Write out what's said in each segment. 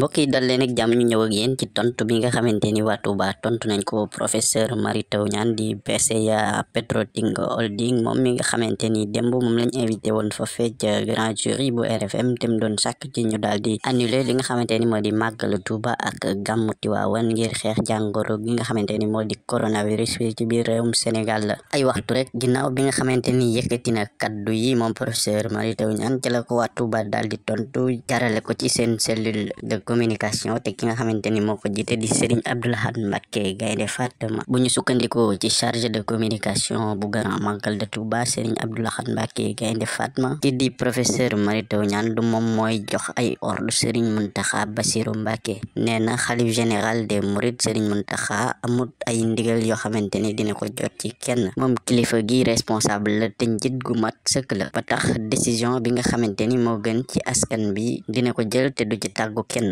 mbokk yi dal leen ak jàmm ñu ñëw ak yéen ci tontu bi nga xamante ni waa Touba tontu nañ ko professeur Mary Teuw Niane di PCA Petroting Holding moom mi nga xamante ni démb moom lañ invité woon fa fecc grand jury bu RFM te doon sàkk ci ñu daal di annuler li nga xamante ni moo di tu ba ak gam gàmmu Tiwaawan ngir xeex jàngoro gi nga xamante ni moo di coronavirus bi ci biir réewum Sénégal la ay waxtu rek ginnaaw bi nga xamante ni ki na kaddu yi moom professeur Mary Teuw Niane ci la communication te ki nga xamante ni moo ko jiite di Serigne Abdou Lahad Mbacké Gaïndé Fatma bu ñu sukkandikoo ci chargé de communication bu Grand Magal de Touba Serigne Abdou Lahad Mbacké Gaïndé Fatma ki di professeur Mary Teuw Niane du moom mooy jox ay ordre Serigne Mountakha Bassirou Mbacké nee na xalif général des Mourides Serigne Mountakha amut ay ndigal yoo xamante ni dina ko jot ci kenn moom kilifa gi responsable la te njit gu mat sëkk la décision bi nga xamante moo gën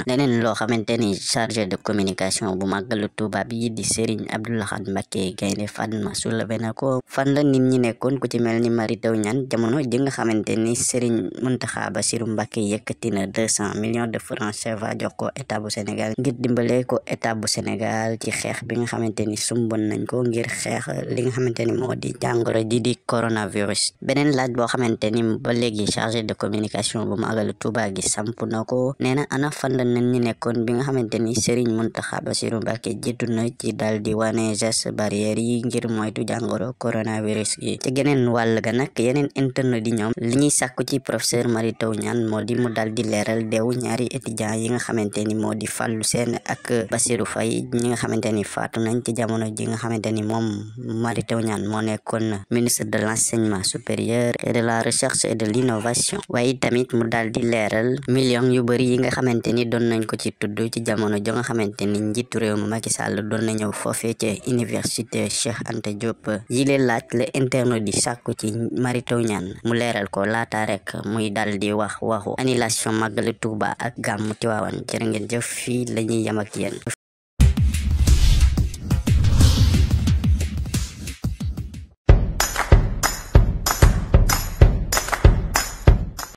leneen loo xamante ni chargé de communication bu màggalu Tuuba bi di Serigne Abdou Lahad Mbacké Gaïndé Fatma soulevé na ko fan la nit ñi nekkoon ku ci mel ni Mary Teuw ñan jamono ji nga xamante ni Serigne Mountakha Bassirou Mbacké yëkkati na de cent millions de francs CFA jox ko état bu Sénégal ngir dimbale ko état bu Sénégal ci xeex bi nga xamante ni sumbon nañ ko ngir xeex li nga xamante ni moo di jàngoro ji di coronavirus beneen laaj boo xamante ni ba léegi chargé de communication bu màggalu Tuuba gi samp na ñeneen ñi nekkoon bi nga xamante ni Serigne Mountakha Bassirou Mbacké jiitu na ci dal di wane geste barrière yi ngir moytu jàngoro coronavirus gi ci geneen wàll ga nag yeneen internet di ñoom li ñuy sàkku ci professeur Mary Teuw di mu dal di leeral deewu ñaari étudiant yi nga xamante ni moo di Fallou Sène ak Bassirou Faye ñi nga xamante ni faatu nañ ci jamono ji nga xamante ni moom Mary Teuw Niane moo nekkoon ministre de l'enseignement supérieur et de la recherche et de l'innovation nañ ko ci tudd ci jamono jo nga xamante ni njiitu réew mi Macky Sall doon na ñëw foofee ca université Cheikh ante Diop yi leen laaj la internet di sàkku ci Mary Teuw Niane mu leereel ko laata rek muy dal di wax waxu annulation màggali Touba ak gàmmu Tiwaawan jërë ngeen jëf fii la ñuy yam ak